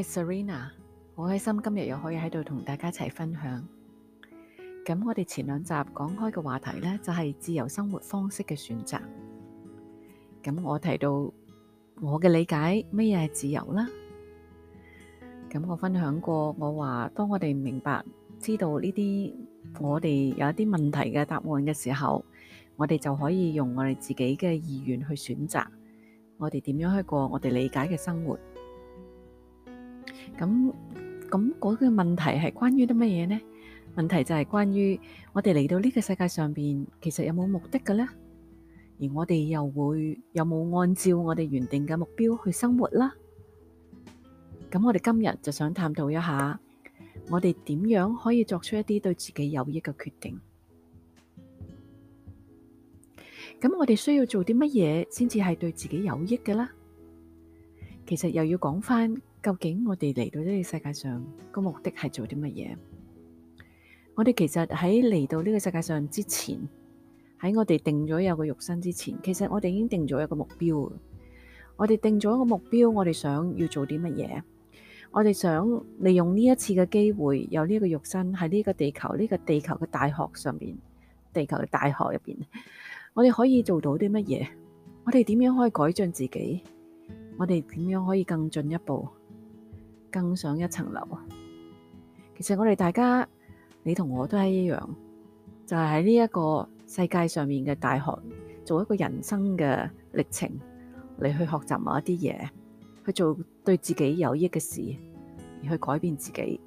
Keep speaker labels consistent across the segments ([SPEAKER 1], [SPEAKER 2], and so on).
[SPEAKER 1] 我係 Serena，好開心今日又可以喺度同大家一齊分享。咁我哋前兩集講開嘅話題呢，就係自由生活方式嘅選擇。咁我提到我嘅理解，乜嘢係自由啦？咁我分享過，我話當我哋明白知道呢啲，我哋有一啲問題嘅答案嘅時候，我哋就可以用我哋自己嘅意願去選擇我哋點樣去過我哋理解嘅生活。咁咁嗰個問題係關於啲乜嘢呢？問題就係關於我哋嚟到呢個世界上面，其實有冇目的噶咧？而我哋又會有冇按照我哋原定嘅目標去生活啦？咁我哋今日就想探討一下，我哋點樣可以作出一啲對自己有益嘅決定？咁我哋需要做啲乜嘢先至係對自己有益嘅啦？其實又要講翻。究竟我哋嚟到呢個世界上個目的係做啲乜嘢？我哋其實喺嚟到呢個世界上之前，喺我哋定咗有個肉身之前，其實我哋已經定咗一,一個目標。我哋定咗一個目標，我哋想要做啲乜嘢？我哋想利用呢一次嘅機會，有呢一個肉身喺呢個地球呢、呢個地球嘅大學上邊，地球嘅大學入邊，我哋可以做到啲乜嘢？我哋點樣可以改進自己？我哋點樣可以更進一步？更上一層樓，其實我哋大家，你同我都係一樣，就係喺呢一個世界上面嘅大學，做一個人生嘅歷程嚟去學習某一啲嘢，去做對自己有益嘅事，而去改變自己。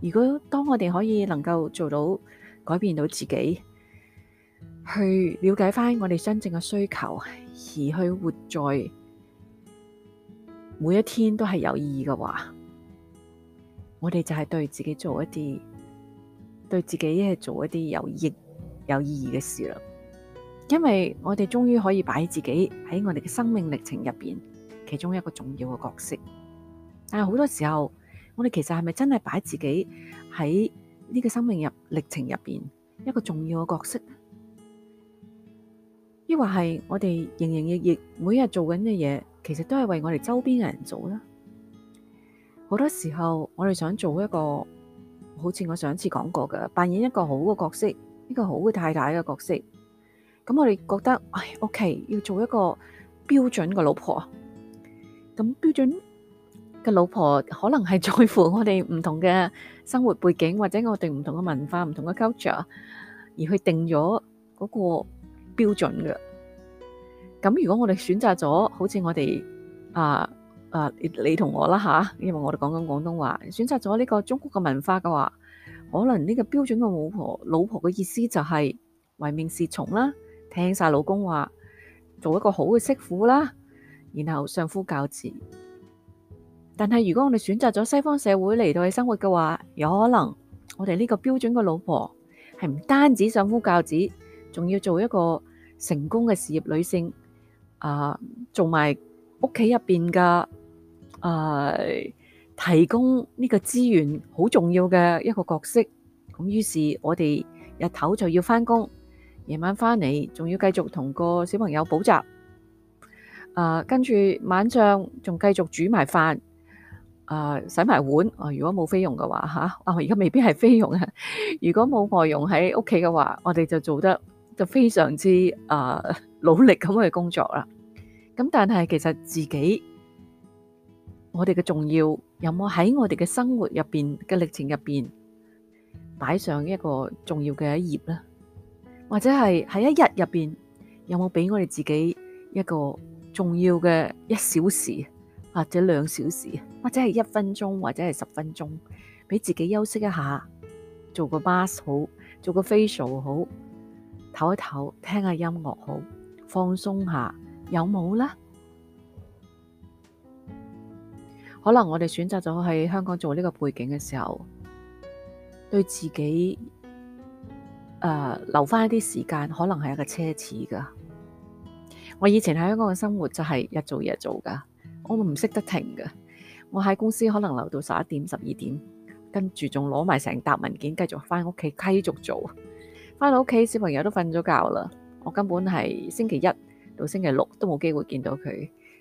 [SPEAKER 1] 如果當我哋可以能夠做到改變到自己，去了解翻我哋真正嘅需求，而去活在每一天都係有意義嘅話。我哋就係對自己做一啲，對自己係做一啲有益有意義嘅事啦。因為我哋終於可以擺自己喺我哋嘅生命歷程入邊，其中一個重要嘅角色。但係好多時候，我哋其實係咪真係擺自己喺呢個生命入歷、歷程入邊一個重要嘅角色？抑或係我哋營營役役，每日做緊嘅嘢，其實都係為我哋周邊嘅人做啦。好多時候，我哋想做一個，好似我上次講過嘅，扮演一個好嘅角色，一個好嘅太太嘅角色。咁我哋覺得，唉，OK，要做一個標準嘅老婆。咁標準嘅老婆，可能係在乎我哋唔同嘅生活背景，或者我哋唔同嘅文化、唔同嘅 culture，而去定咗嗰個標準嘅。咁如果我哋選擇咗，好似我哋啊。啊！你同我啦吓，因為我哋講緊廣東話，選擇咗呢個中國嘅文化嘅話，可能呢個標準嘅老婆老婆嘅意思就係唯命是從啦，聽晒老公話，做一個好嘅媳婦啦，然後相夫教子。但係如果我哋選擇咗西方社會嚟到去生活嘅話，有可能我哋呢個標準嘅老婆係唔單止相夫教子，仲要做一個成功嘅事業女性，啊，做埋屋企入邊嘅。誒、呃，提供呢個資源好重要嘅一個角色，咁於是我哋日頭就要翻工，夜晚翻嚟仲要繼續同個小朋友補習，誒、呃，跟住晚上仲繼續煮埋飯，誒、呃，洗埋碗。哦、呃，如果冇菲傭嘅話吓，啊，而家未必係菲傭啊。如果冇外傭喺屋企嘅話，我哋就做得就非常之誒、呃、努力咁去工作啦。咁但係其實自己。我哋嘅重要有冇喺我哋嘅生活入邊嘅歷程入邊擺上一個重要嘅一頁咧？或者係喺一日入邊有冇俾我哋自己一個重要嘅一小時，或者兩小時，或者係一分鐘，或者係十分鐘，俾自己休息一下，做個 mask 好，做個 facial 好，唞一唞，聽下音樂好，放鬆下，有冇咧？可能我哋選擇咗喺香港做呢個背景嘅時候，對自己誒、呃、留翻一啲時間，可能係一個奢侈噶。我以前喺香港嘅生活就係日做夜做噶，我唔識得停噶。我喺公司可能留到十一點、十二點，跟住仲攞埋成沓文件繼續翻屋企繼續做。翻到屋企小朋友都瞓咗覺啦，我根本係星期一到星期六都冇機會見到佢。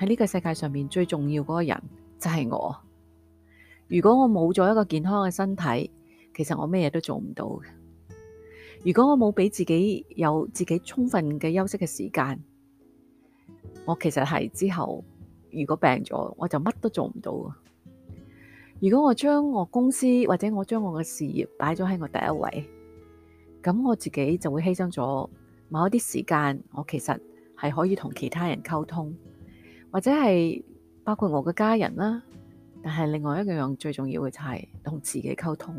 [SPEAKER 1] 喺呢個世界上面最重要嗰個人就係我。如果我冇咗一個健康嘅身體，其實我咩嘢都做唔到。如果我冇俾自己有自己充分嘅休息嘅時間，我其實係之後如果病咗，我就乜都做唔到。如果我將我公司或者我將我嘅事業擺咗喺我第一位，咁我自己就會犧牲咗某一啲時間。我其實係可以同其他人溝通。或者係包括我嘅家人啦，但係另外一樣最重要嘅就係同自己溝通。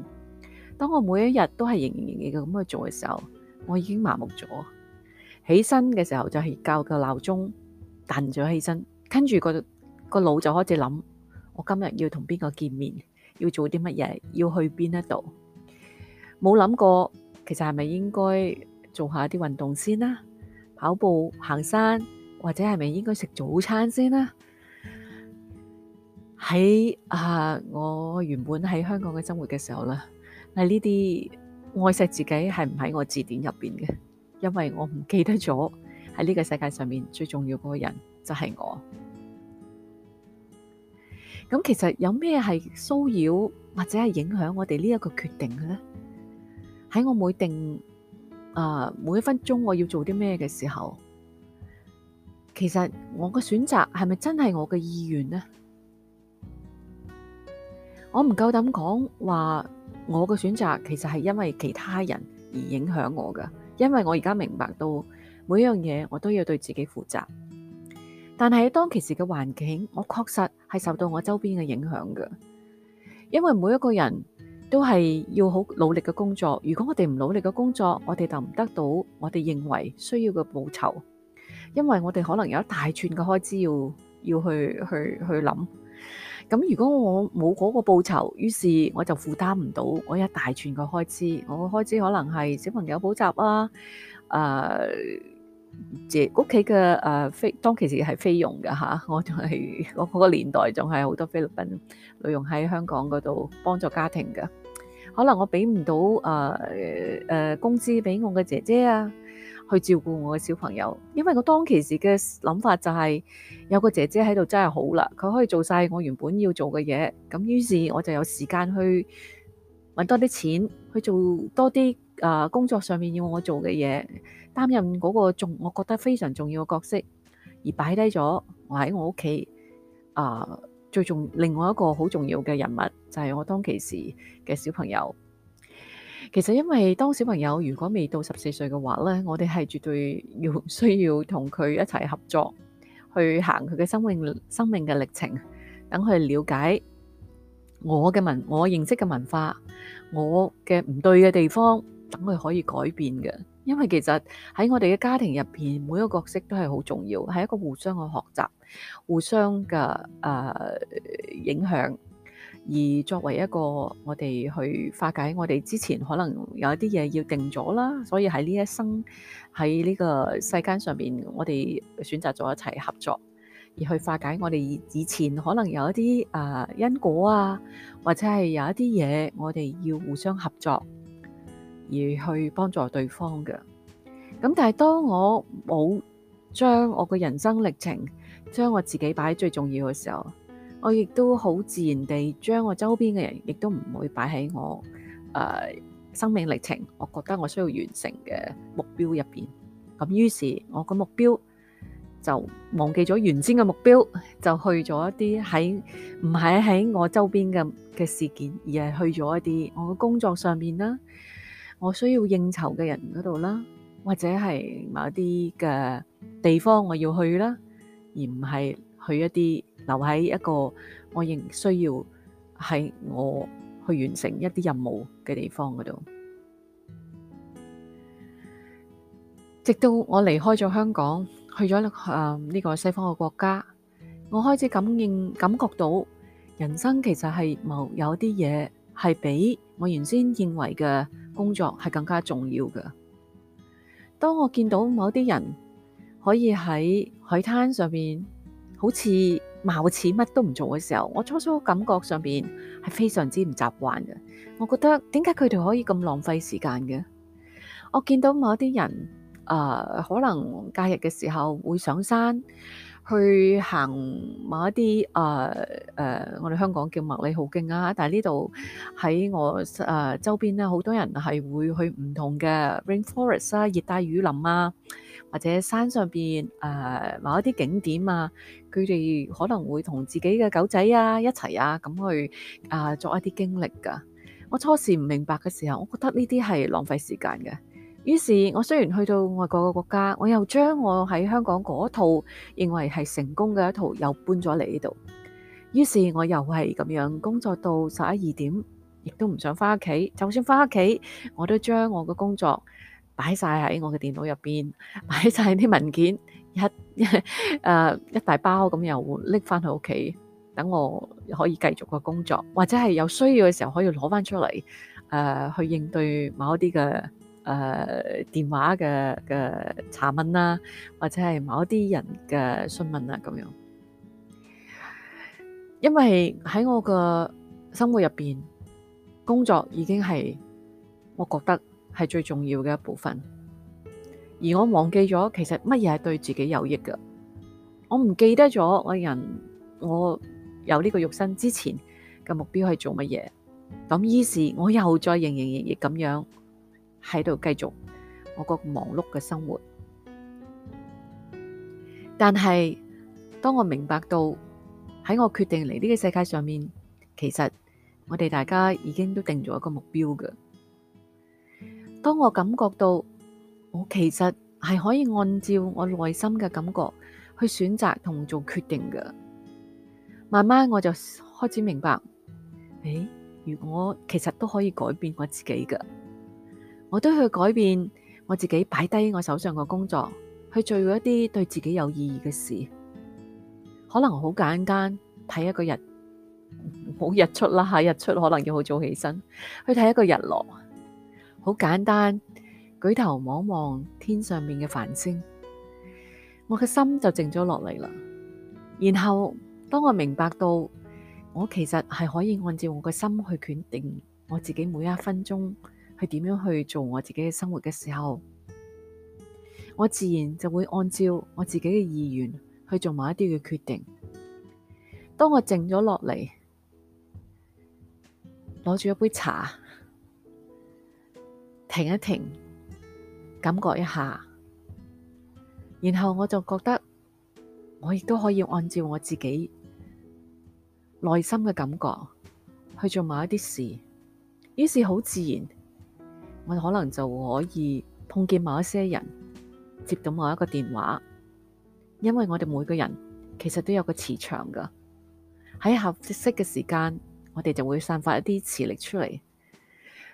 [SPEAKER 1] 當我每一日都係營營役役咁去做嘅時候，我已經麻木咗。起身嘅時候就係校個鬧鐘，彈咗起身，跟住、嗰個、嗰個腦就開始諗：我今日要同邊個見面，要做啲乜嘢，要去邊一度。冇諗過，其實係咪應該做下啲運動先啦、啊？跑步、行山。或者係咪應該食早餐先咧？喺啊，我原本喺香港嘅生活嘅時候咧，係呢啲愛惜自己係唔喺我字典入邊嘅，因為我唔記得咗喺呢個世界上面最重要嗰個人就係我。咁其實有咩係騷擾或者係影響我哋呢一個決定嘅咧？喺我每定啊每一分鐘我要做啲咩嘅時候？其實我嘅選擇係咪真係我嘅意願呢？我唔夠膽講話我嘅選擇其實係因為其他人而影響我噶，因為我而家明白到每樣嘢我都要對自己負責。但係當其時嘅環境，我確實係受到我周邊嘅影響噶，因為每一個人都係要好努力嘅工作。如果我哋唔努力嘅工作，我哋就唔得到我哋認為需要嘅報酬。因為我哋可能有一大串嘅開支要要去去去諗，咁如果我冇嗰個報酬，於是我就負擔唔到我一大串嘅開支。我嘅開支可能係小朋友補習啊，誒、啊，即屋企嘅誒非，當其時係菲傭嘅㗎、啊。我仲係我嗰個年代仲係好多菲律賓女傭喺香港嗰度幫助家庭嘅，可能我俾唔到誒誒工資俾我嘅姐姐啊，去照顧我嘅小朋友，因為我當其時嘅諗法就係、是、有個姐姐喺度真係好啦，佢可以做晒我原本要做嘅嘢，咁於是我就有時間去揾多啲錢去做多啲誒、呃、工作上面要我做嘅嘢，擔任嗰個重，我覺得非常重要嘅角色，而擺低咗我喺我屋企誒最重另外一個好重要嘅人物就係、是、我當其時嘅小朋友。其實因為當小朋友如果未到十四歲嘅話咧，我哋係絕對要需要同佢一齊合作，去行佢嘅生命生命嘅歷程，等佢了解我嘅文，我認識嘅文化，我嘅唔對嘅地方，等佢可以改變嘅。因為其實喺我哋嘅家庭入邊，每一個角色都係好重要，係一個互相嘅學習，互相嘅誒影響。而作為一個我哋去化解，我哋之前可能有一啲嘢要定咗啦，所以喺呢一生喺呢個世間上面，我哋選擇咗一齊合作，而去化解我哋以前可能有一啲、呃、因果啊，或者係有一啲嘢我哋要互相合作，而去幫助對方嘅。咁但係當我冇將我嘅人生歷程，將我自己擺喺最重要嘅時候。我亦都好自然地將我周邊嘅人也不，亦都唔會擺喺我誒生命歷程，我覺得我需要完成嘅目標入面。咁於是，我個目標就忘記咗原先嘅目標，就去咗一啲喺唔係喺我周邊嘅嘅事件，而係去咗一啲我嘅工作上面啦，我需要應酬嘅人嗰度啦，或者係某一啲嘅地方我要去啦，而唔係。去一啲留喺一個我仍需要喺我去完成一啲任務嘅地方嗰度，直到我離開咗香港，去咗呢個西方嘅國家，我開始感應感覺到人生其實係某有啲嘢係比我原先認為嘅工作係更加重要嘅。當我見到某啲人可以喺海灘上面。好似貌似乜都唔做嘅時候，我初初感覺上邊係非常之唔習慣嘅。我覺得點解佢哋可以咁浪費時間嘅？我見到某一啲人啊、呃，可能假日嘅時候會上山去行某一啲啊誒，我哋香港叫麥理浩徑啊，但係呢度喺我誒、呃、周邊咧，好多人係會去唔同嘅 rainforest 啊，熱帶雨林啊。或者山上邊誒某一啲景點啊，佢哋可能會同自己嘅狗仔啊一齊啊咁去啊作一啲經歷㗎。我初時唔明白嘅時候，我覺得呢啲係浪費時間嘅。於是，我雖然去到外國嘅國家，我又將我喺香港嗰套認為係成功嘅一套，又搬咗嚟呢度。於是，我又係咁樣工作到十一二點，亦都唔想返屋企。就算返屋企，我都將我嘅工作。擺晒喺我嘅電腦入邊，擺晒啲文件，一誒一大包咁又拎翻去屋企，等我可以繼續個工作，或者係有需要嘅時候可以攞翻出嚟，誒、呃、去應對某一啲嘅誒電話嘅嘅查問啦、啊，或者係某一啲人嘅詢問啦、啊、咁樣。因為喺我嘅生活入邊，工作已經係我覺得。係最重要嘅一部分，而我忘記咗其實乜嘢係對自己有益噶，我唔記得咗我人我有呢個肉身之前嘅目標係做乜嘢，咁於是我又再營營役役咁樣喺度繼續我個忙碌嘅生活，但係當我明白到喺我決定嚟呢個世界上面，其實我哋大家已經都定咗一個目標噶。當我感覺到我其實係可以按照我內心嘅感覺去選擇同做決定嘅，慢慢我就開始明白，誒，如果其實都可以改變我自己嘅。我都去改變我自己，擺低我手上嘅工作，去做一啲對自己有意義嘅事。可能好簡單，睇一個日出啦，睇日出可能要好早起身，去睇一個日落。好簡單，舉頭望望天上面嘅繁星，我嘅心就靜咗落嚟啦。然後當我明白到我其實係可以按照我嘅心去決定我自己每一分鐘去點樣去做我自己嘅生活嘅時候，我自然就會按照我自己嘅意願去做某一啲嘅決定。當我靜咗落嚟，攞住一杯茶。停一停，感覺一下，然後我就覺得我亦都可以按照我自己內心嘅感覺去做某一啲事。於是好自然，我可能就可以碰見某一些人，接到某一個電話。因為我哋每個人其實都有個磁場㗎，喺合適嘅時間，我哋就會散發一啲磁力出嚟。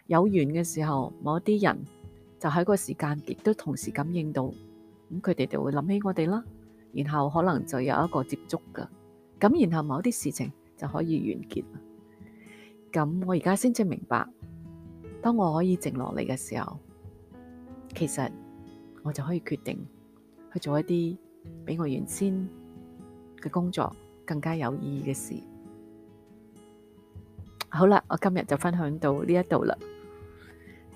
[SPEAKER 1] 有緣嘅時候，某啲人就喺個時間亦都同時感應到，咁佢哋就會諗起我哋啦，然後可能就有一個接觸噶，咁然後某啲事情就可以完結啦。咁我而家先至明白，當我可以靜落嚟嘅時候，其實我就可以決定去做一啲比我原先嘅工作更加有意義嘅事。好啦，我今日就分享到呢一度啦。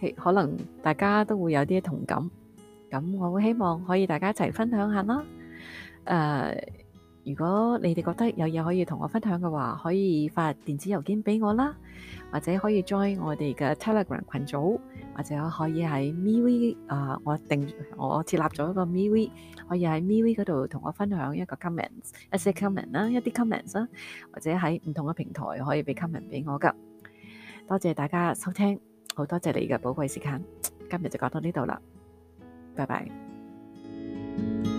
[SPEAKER 1] 可能大家都會有啲同感，咁我會希望可以大家一齊分享下啦。誒、uh，如果你哋覺得有嘢可以同我分享嘅話，可以發電子郵件俾我啦，或者可以 join 我哋嘅 Telegram 群組，或者可以喺 MeWe 啊、uh，我定我設立咗一個 MeWe，可以喺 MeWe 嗰度同我分享一個 comments，一些 comment 啦、啊，一啲 comments 啦、啊，或者喺唔同嘅平台可以俾 comment 俾我噶。多謝大家收聽。好多謝你嘅寶貴時間，今日就講到呢度啦，拜拜。